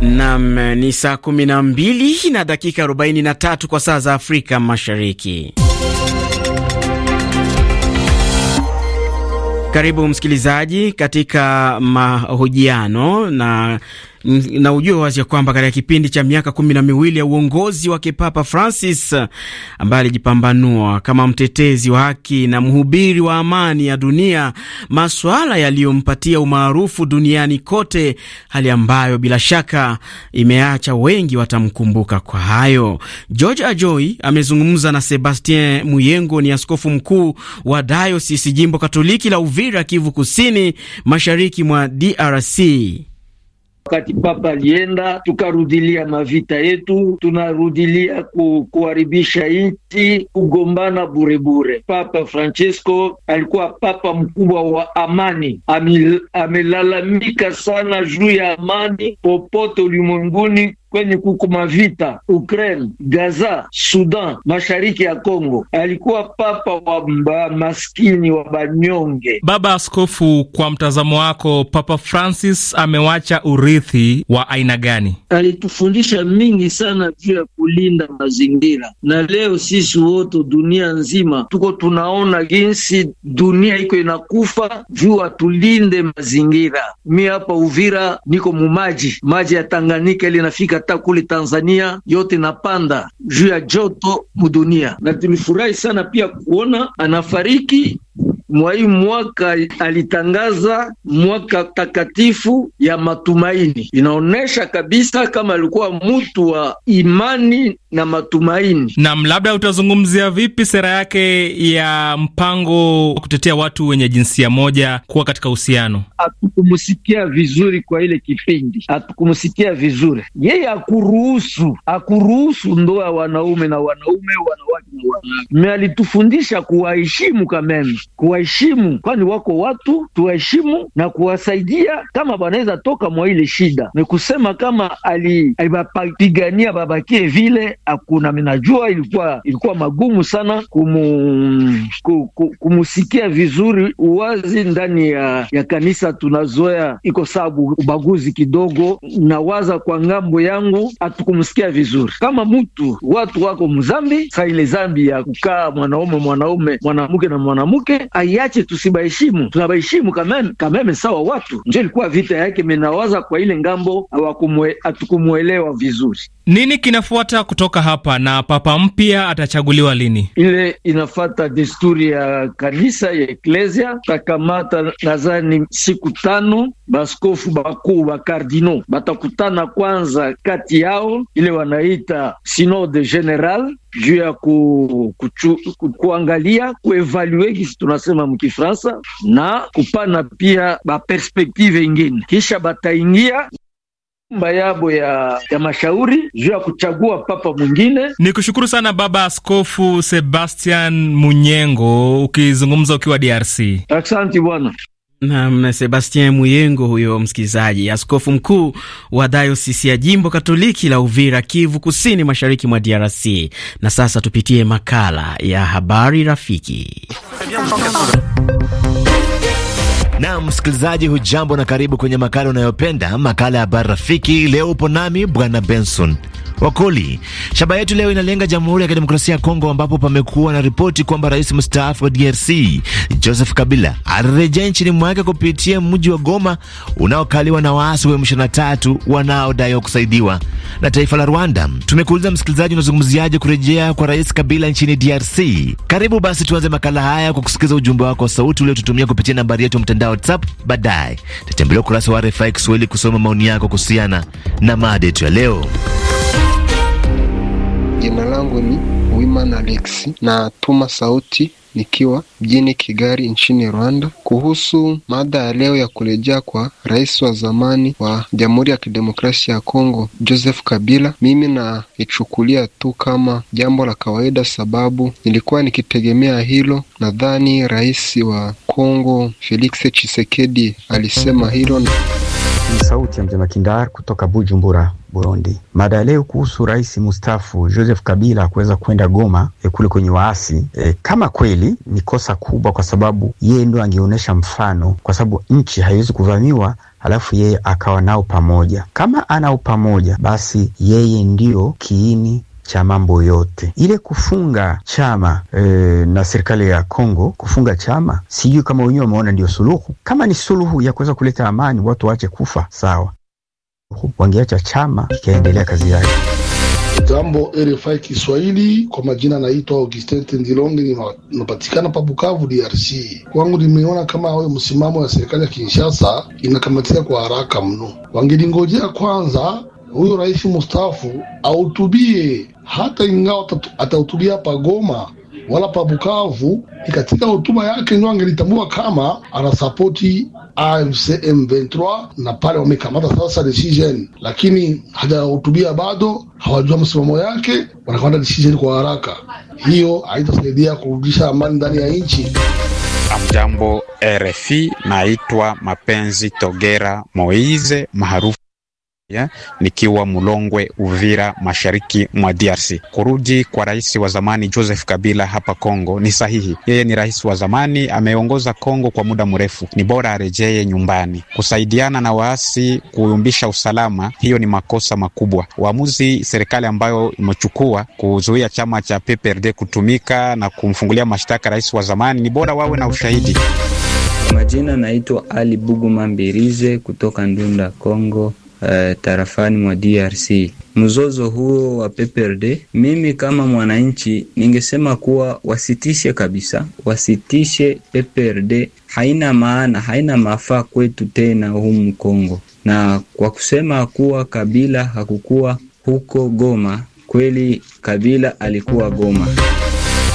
Nam ni saa kumi na dakika 43 kwa saa za Afrika Mashariki. Karibu msikilizaji katika mahojiano na na ujue wazi ya kwamba katika kipindi cha miaka kumi na miwili ya uongozi wake Papa Francis ambaye alijipambanua kama mtetezi wa haki na mhubiri wa amani ya dunia, maswala yaliyompatia umaarufu duniani kote, hali ambayo bila shaka imeacha wengi watamkumbuka kwa hayo. George Ajoi amezungumza na Sebastien Muyengo, ni askofu mkuu wa dayosisi jimbo Katoliki la Uvira, Kivu Kusini, mashariki mwa DRC. Wakati papa alienda, tukarudilia mavita yetu, tunarudilia ku, kuharibisha nchi, kugombana burebure. Papa Francisco alikuwa papa mkubwa wa amani, amil, amelalamika sana juu ya amani popote ulimwenguni kwenye kuko mavita Ukraine, Gaza, Sudan, mashariki ya Kongo. Alikuwa papa wa maskini wa banyonge. Baba Askofu, kwa mtazamo wako, Papa Francis amewacha urithi wa aina gani? Alitufundisha mingi sana juu ya kulinda mazingira, na leo sisi wote dunia nzima tuko tunaona jinsi dunia iko inakufa juu atulinde mazingira. Mi hapa Uvira niko mumaji, maji ya Tanganyika ili nafika hata kule Tanzania yote napanda juu ya joto mudunia, na tulifurahi sana pia kuona anafariki hii mwaka alitangaza mwaka takatifu ya matumaini. Inaonyesha kabisa kama alikuwa mtu wa imani na matumaini. Nam, labda utazungumzia vipi sera yake ya mpango wa kutetea watu wenye jinsia moja kuwa katika uhusiano? Hatukumsikia vizuri kwa ile kipindi, hatukumsikia vizuri yeye. Akuruhusu, akuruhusu ndoa ya wanaume na wanaume, wanawake na wanawake. Alitufundisha kuwaheshimu kameme, kuwa tuwaheshimu, kwani wako watu, tuwaheshimu na kuwasaidia kama wanaweza toka mwa ile shida. Ni kusema kama alibapigania babakie vile akuna, minajua ilikuwa ilikuwa magumu sana kumu, ku, ku, kumusikia vizuri uwazi ndani ya, ya kanisa. Tunazoea iko sababu ubaguzi kidogo, nawaza kwa ngambo yangu hatukumsikia vizuri kama mtu watu wako mzambi saile ile zambi ya kukaa mwanaume mwanaume mwanamke na mwanamke haiache tusibaheshimu, tunabaheshimu Kameme. Kameme sawa watu, ndio ilikuwa vita yake. Menawaza kwa ile ngambo hatukumwelewa vizuri. Nini kinafuata kutoka hapa, na papa mpya atachaguliwa lini? Ile inafata desturi ya kanisa ya eklesia, takamata nazani siku tano, baskofu bakuu kardino batakutana kwanza kati yao, ile wanaita sinode general juu ya ku, ku, kuangalia kuevalue kisi tunasema mkifransa na kupana pia baperspektive ingine, kisha bataingia nyumba yabo ya, ya mashauri juu ya kuchagua papa mwingine. Ni kushukuru sana Baba Askofu Sebastian Munyengo, ukizungumza ukiwa DRC. Asante bwana. Nam Sebastien Muyengo huyo msikilizaji, askofu mkuu wa dayosisi ya jimbo katoliki la Uvira, Kivu Kusini, mashariki mwa DRC. Na sasa tupitie makala ya habari rafiki na msikilizaji, hujambo na karibu kwenye makala unayopenda, makala ya habari rafiki. Leo upo nami Bwana Benson Wakoli. Shaba yetu leo inalenga Jamhuri ya Kidemokrasia ya Kongo, ambapo pamekuwa na ripoti kwamba rais mstaafu wa DRC Joseph Kabila alirejea nchini mwake kupitia mji wa Goma unaokaliwa na waasi wa M23 wanaodaiwa kusaidiwa na taifa la Rwanda. Tumekuuliza msikilizaji, unazungumziaje kurejea kwa rais Kabila nchini DRC? Karibu basi tuanze makala haya kwa kusikiza ujumbe wako wa sauti uliotutumia kupitia nambari yetu ya mtandao ya WhatsApp. Baadaye tatembelea ukurasa wa RFI Kiswahili kusoma maoni yako kuhusiana na mada yetu ya leo. Jina langu ni Wiman Alexi, na tuma sauti nikiwa mjini Kigali nchini Rwanda kuhusu mada ya leo ya kurejea kwa rais wa zamani wa Jamhuri ya Kidemokrasia ya Kongo Joseph Kabila. Mimi naichukulia tu kama jambo la kawaida, sababu nilikuwa nikitegemea hilo. Nadhani rais wa Kongo Felix Tshisekedi alisema hilo. Ni sauti ya mzee Makindar kutoka Bujumbura, Burundi. Mada ya leo kuhusu rais mustafu Joseph Kabila kuweza kwenda Goma e, kule kwenye waasi e, kama kweli ni kosa kubwa, kwa sababu yeye ndo angeonyesha mfano, kwa sababu nchi haiwezi kuvamiwa halafu yeye akawa nao pamoja. Kama anao pamoja, basi yeye ndiyo kiini cha mambo yote. Ile kufunga chama e, na serikali ya Kongo kufunga chama, sijui kama wenyewe wameona ndio suluhu. Kama ni suluhu ya kuweza kuleta amani, watu waache kufa, sawa, wangeacha chama ikaendelea kazi yake. Jambo RFI Kiswahili, kwa majina naitwa Augustin Tendilonge, napatikana pa Bukavu, DRC. Kwangu nimeona kama ayo msimamo ya serikali ya Kinshasa inakamatia kwa haraka mno, wangelingojea kwanza huyu rais mustafu ahutubie, hata ingawa atahutubia hapa Goma wala pa Bukavu, ni katika hotuba yake ndio angelitambua kama anasapoti AFC M23 na pale wamekamata sasa decision, lakini hajahutubia bado, hawajua msimamo yake, wanakamata decision kwa haraka. Hiyo haitasaidia kurudisha amani ndani ya nchi. Amjambo RFI, naitwa Mapenzi Togera Moize maarufu Yeah, nikiwa Mulongwe Uvira, mashariki mwa DRC. Kurudi kwa rais wa zamani Joseph Kabila hapa Kongo ni sahihi. Yeye ni rais wa zamani, ameongoza Kongo kwa muda mrefu, ni bora arejee nyumbani. Kusaidiana na waasi kuyumbisha usalama, hiyo ni makosa makubwa. Uamuzi serikali ambayo imechukua kuzuia chama cha PPRD kutumika na kumfungulia mashtaka rais wa zamani, ni bora wawe na ushahidi. Majina naitwa Ali buguma mbirize kutoka Ndunda, Kongo. Eh, tarafani mwa DRC. Mzozo huo wa PPRD, mimi kama mwananchi ningesema kuwa wasitishe kabisa, wasitishe PPRD. Haina maana, haina mafaa kwetu tena humu Kongo. Na kwa kusema kuwa Kabila hakukuwa huko Goma, kweli Kabila alikuwa Goma.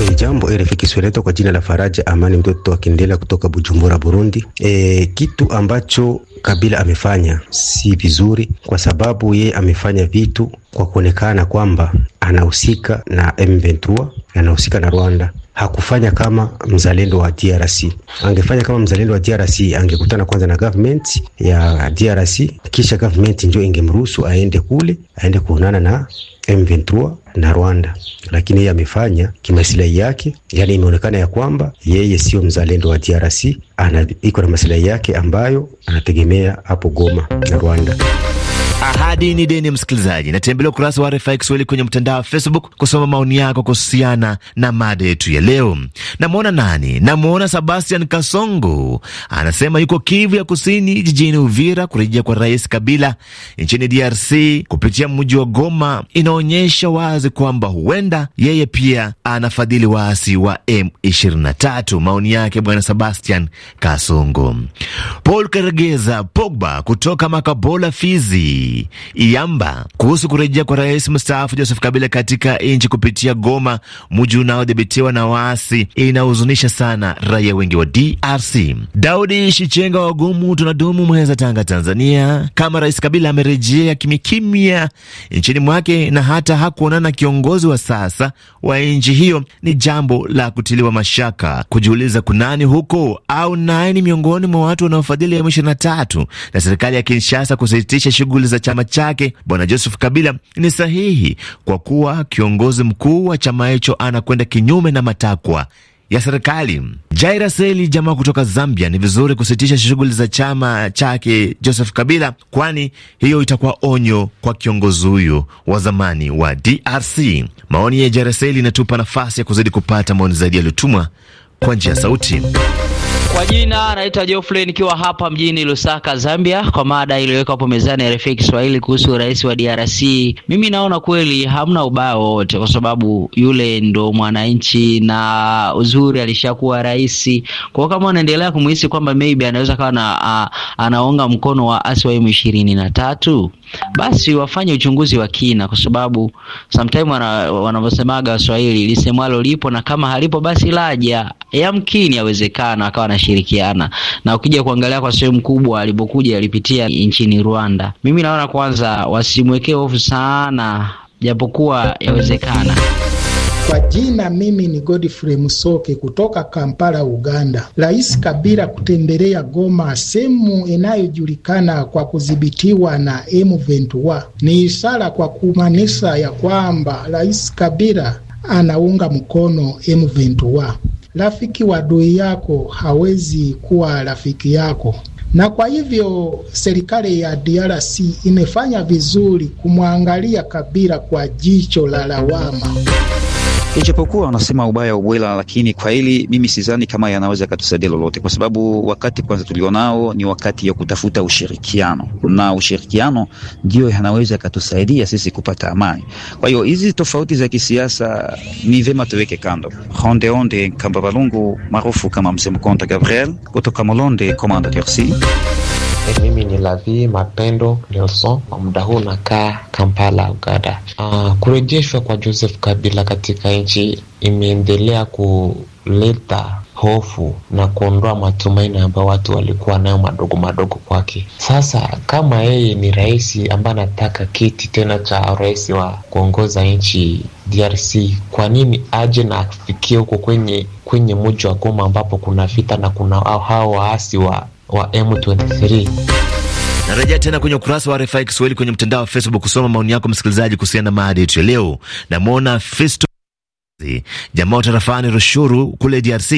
E, jambo eh, RFI Kiswahili kwa jina la Faraja Amani mtoto wa Kindela kutoka Bujumbura, Burundi. E, kitu ambacho Kabila amefanya si vizuri, kwa sababu yeye amefanya vitu kwa kuonekana kwamba anahusika na M23 anahusika na Rwanda. Hakufanya kama mzalendo wa DRC. Angefanya kama mzalendo wa DRC, angekutana kwanza na government ya DRC, kisha government ndio ingemruhusu aende kule, aende kuonana na M23 na Rwanda, lakini yeye amefanya kimasilahi yake. Yani imeonekana ya kwamba yeye sio mzalendo wa DRC, iko na masilahi yake ambayo anategemea hapo Goma na Rwanda. Ahadi ni deni, msikilizaji, natembelea ukurasa wa RFI Kiswahili kwenye mtandao wa Facebook kusoma maoni yako kuhusiana na mada yetu ya leo. Namwona nani? Namwona Sebastian Kasongo, anasema yuko Kivu ya Kusini, jijini Uvira. Kurejea kwa Rais Kabila nchini DRC kupitia mji wa Goma inaonyesha wazi kwamba huenda yeye pia anafadhili waasi wa M23. Maoni yake bwana Sebastian Kasongo. Paul Karegeza Pogba kutoka Makabola, Fizi Iyamba kuhusu kurejea kwa rais mstaafu Joseph Kabila katika nchi kupitia Goma, mji unaodhibitiwa na waasi. Inahuzunisha sana raia wengi wa DRC. Daudi Shichenga wagumu tunadumu Mweza, Tanga, Tanzania. Kama rais Kabila amerejea kimyakimya nchini mwake na hata hakuonana kiongozi wa sasa wa nchi hiyo, ni jambo la kutiliwa mashaka, kujiuliza kunani huko au nani miongoni mwa watu wanaofadhili M23 na serikali ya Kinshasa kusitisha shughuli za chama chake Bwana Joseph Kabila ni sahihi kwa kuwa kiongozi mkuu wa chama hicho anakwenda kinyume na matakwa ya serikali. Jaira Seli, jamaa kutoka Zambia, ni vizuri kusitisha shughuli za chama chake Joseph Kabila, kwani hiyo itakuwa onyo kwa kiongozi huyo wa zamani wa DRC. Maoni ya Jaira Seli inatupa nafasi ya kuzidi kupata maoni zaidi yaliyotumwa kwa njia ya sauti. Kwa jina naitwa Geoffrey nikiwa hapa mjini Lusaka, Zambia, kwa mada iliyowekwa hapo mezani ya RFI Kiswahili kuhusu rais wa DRC. Mimi naona kweli hamna ubaya wowote, kwa sababu yule ndo mwananchi na uzuri alishakuwa rais. Kwa hiyo kama anaendelea kumhisi kwamba maybe anaweza kawa na anaunga mkono wa asi wa M23, basi wafanye uchunguzi wa kina, kwa sababu sometime wana, wanavyosemaga Waswahili lisemwalo lipo na kama halipo basi laja, yamkini yawezekana akawa na kushirikiana. na ukija kuangalia kwa sehemu kubwa alipokuja alipitia nchini Rwanda. Mimi naona kwanza wasimwekee hofu sana, japokuwa yawezekana. Kwa jina mimi ni Godfrey Musoke kutoka Kampala, Uganda. Rais Kabila kutembelea Goma, sehemu inayojulikana kwa kudhibitiwa na M23, ni ishara kwa kumaanisha ya kwamba Rais Kabila anaunga mkono M23 rafiki wa adui yako hawezi kuwa rafiki yako. Na kwa hivyo serikali ya DRC imefanya vizuri kumwangalia Kabila kwa jicho la lawama. Ijapokuwa wanasema ubaya ubwela, lakini kwa hili mimi sidhani kama yanaweza katusaidia lolote, kwa sababu wakati kwanza tulionao ni wakati ya kutafuta ushirikiano, na ushirikiano ndio yanaweza katusaidia sisi kupata amani. Kwa hiyo hizi tofauti za kisiasa ni vema tuweke kando. Rondeonde Kamba Balungu maarufu kama Mzee Mkonta Gabriel kutoka Molonde, Komanda DRC. Eh, mimi ni Lavi Mapendo Nelson, kwa muda huu nakaa Kampala, Uganda. Uh, kurejeshwa kwa Joseph Kabila katika nchi imeendelea kuleta hofu na kuondoa matumaini ambayo watu walikuwa nayo madogo madogo kwake. Sasa kama yeye ni rais ambaye anataka kiti tena cha rais wa kuongoza nchi DRC, kwa nini aje na afikie huko kwenye kwenye mji wa Goma ambapo kuna vita na kuna hao waasi wa wa M23. Narejea tena kwenye ukurasa wa RFI Kiswahili kwenye mtandao wa Facebook kusoma maoni yako msikilizaji kuhusiana na mada yetu leo. Namwona Fisto Jamaa wa tarafani Rushuru kule DRC.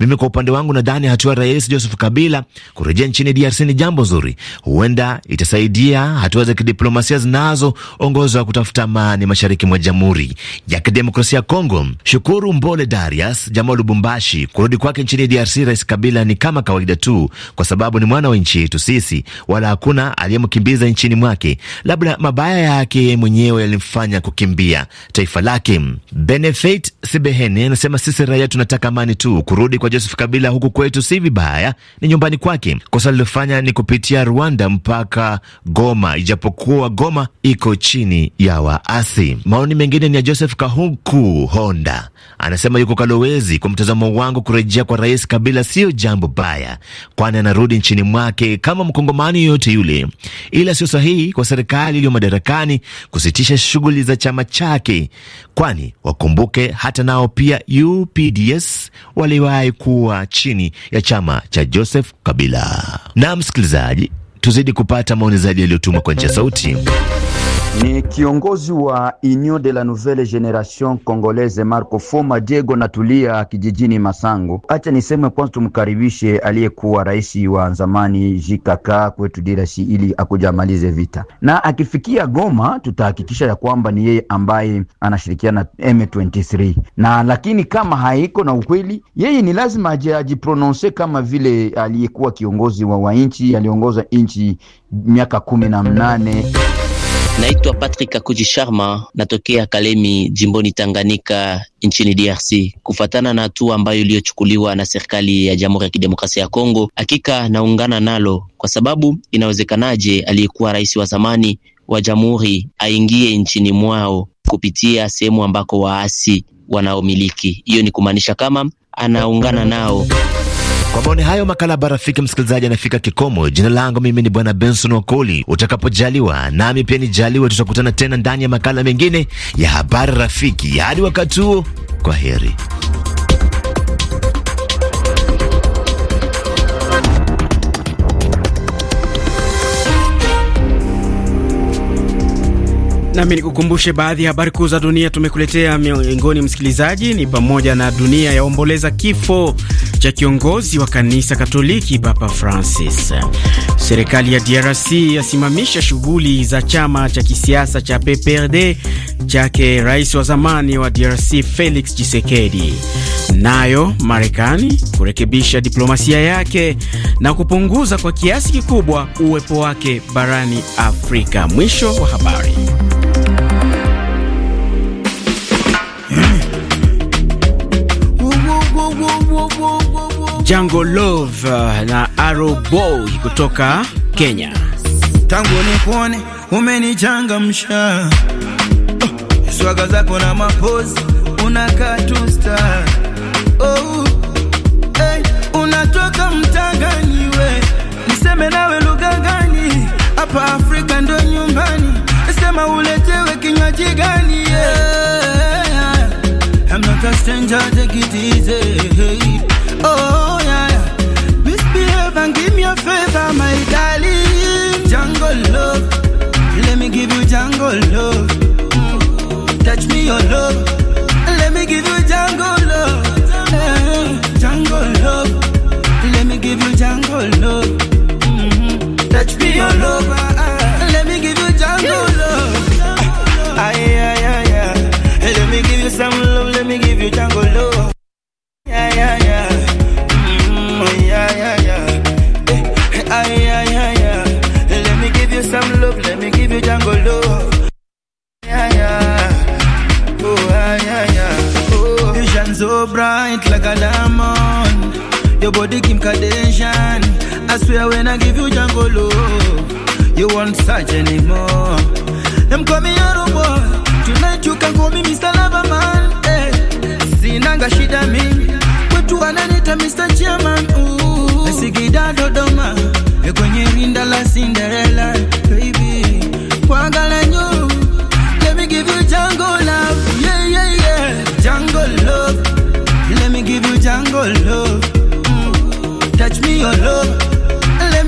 Mimi kwa upande wangu nadhani hatua Rais Joseph Kabila kurejea nchini DRC ni jambo zuri, huenda itasaidia hatua za kidiplomasia zinazoongozwa kutafuta amani mashariki mwa Jamhuri ya Kidemokrasia ya Kongo. Shukuru Mbole Darius, jamaa wa Lubumbashi. Kurudi kwake nchini DRC Rais Kabila ni kama kawaida tu, kwa sababu ni mwana wa nchi yetu sisi, wala hakuna aliyemkimbiza nchini mwake. Labda mabaya yake mwenyewe yalimfanya kukimbia taifa lake Benefit Kate Sibeheni anasema sisi raia tunataka amani tu. Kurudi kwa Joseph Kabila huku kwetu si vibaya, ni nyumbani kwake. Kosa lilofanya ni kupitia Rwanda mpaka Goma, ijapokuwa Goma iko chini ya waasi. Maoni mengine ni ya Joseph kahuku Honda, anasema yuko Kalowezi. Kwa mtazamo wangu, kurejea kwa Rais Kabila siyo jambo baya, kwani anarudi nchini mwake kama mkongomani yoyote yule, ila sio sahihi kwa serikali iliyo madarakani kusitisha shughuli za chama chake, kwani wakumbuke hata nao pia UPDS waliwahi kuwa chini ya chama cha Joseph Kabila. Na msikilizaji, tuzidi kupata maoni zaidi yaliyotumwa kwa njia sauti ni kiongozi wa Union de la Nouvelle Generation Congolaise Marco Foma Diego natulia kijijini Masango. Acha niseme kwanza, tumkaribishe aliyekuwa rais wa zamani JKK kwetu DRC ili akuja amalize vita, na akifikia Goma tutahakikisha ya kwamba ni yeye ambaye anashirikiana na M23, na lakini kama haiko na ukweli, yeye ni lazima ajiprononse kama vile aliyekuwa kiongozi wa, wa nchi aliongoza nchi miaka kumi na mnane. Naitwa Patrick Akuji Sharma, natokea Kalemi jimboni Tanganyika nchini DRC. Kufatana na hatua ambayo iliyochukuliwa na serikali ya Jamhuri ya Kidemokrasia ya Kongo, hakika naungana nalo kwa sababu inawezekanaje aliyekuwa rais wa zamani wa jamhuri aingie nchini mwao kupitia sehemu ambako waasi wanaomiliki? Hiyo ni kumaanisha kama anaungana nao. Kwa maoni hayo, makala Habari Rafiki msikilizaji anafika kikomo. Jina langu mimi ni Bwana Benson Wakoli. Utakapojaliwa nami pia nijaliwe, tutakutana tena ndani ya makala mengine ya Habari Rafiki. Hadi wakati huo, kwa heri. Nami nikukumbushe baadhi ya habari kuu za dunia tumekuletea miongoni, msikilizaji, ni pamoja na dunia yaomboleza kifo cha kiongozi wa kanisa Katoliki Papa Francis. Serikali ya DRC yasimamisha shughuli za chama cha kisiasa cha PPRD chake rais wa zamani wa DRC Felix Tshisekedi. Nayo Marekani kurekebisha diplomasia yake na kupunguza kwa kiasi kikubwa uwepo wake barani Afrika. Mwisho wa habari. Jango Love na Arrow Boy kutoka Kenya. Tangu nikuone umenichangamsha, oh, swaga zako na mapozi unakaa tu star. Oh, hey, unatoka mtangani we, niseme nawe lugha gani? Hapa Afrika ndo nyumbani, sema uletewe kinywaji gani? yeah. I'm not a stranger, take it easy jungle love. Mm, touch me your love. swear when I give you jungle love, you won't search anymore. I'm coming out of war. tonight you can call me Mr. Loverman. Man. Eh. Sinanga shida mimi, watu ananita Mr. Chairman. Sigida Dodoma, kwenye rinda la Cinderella, baby. Kwangala nyo. let me give you jungle love, yeah yeah yeah, jungle love. Let me give you jungle love, mm. touch me your love.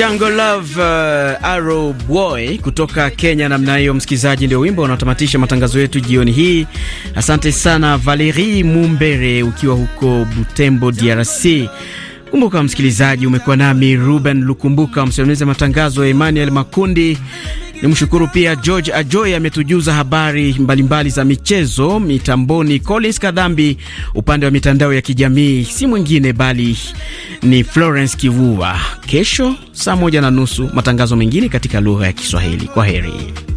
Jungle Love uh, Arrow Boy kutoka Kenya. Namna hiyo, msikilizaji, ndio wimbo unaotamatisha matangazo yetu jioni hii. Asante sana Valerie Mumbere ukiwa huko Butembo, DRC. Kumbuka msikilizaji, umekuwa nami Ruben Lukumbuka, msimamizi matangazo ya Emmanuel Makundi. Ni mshukuru pia George Ajoy ametujuza habari mbalimbali mbali za michezo mitamboni. Collins Kadhambi upande wa mitandao ya kijamii si mwingine bali ni Florence Kivua. Kesho saa moja na nusu matangazo mengine katika lugha ya Kiswahili. Kwa heri.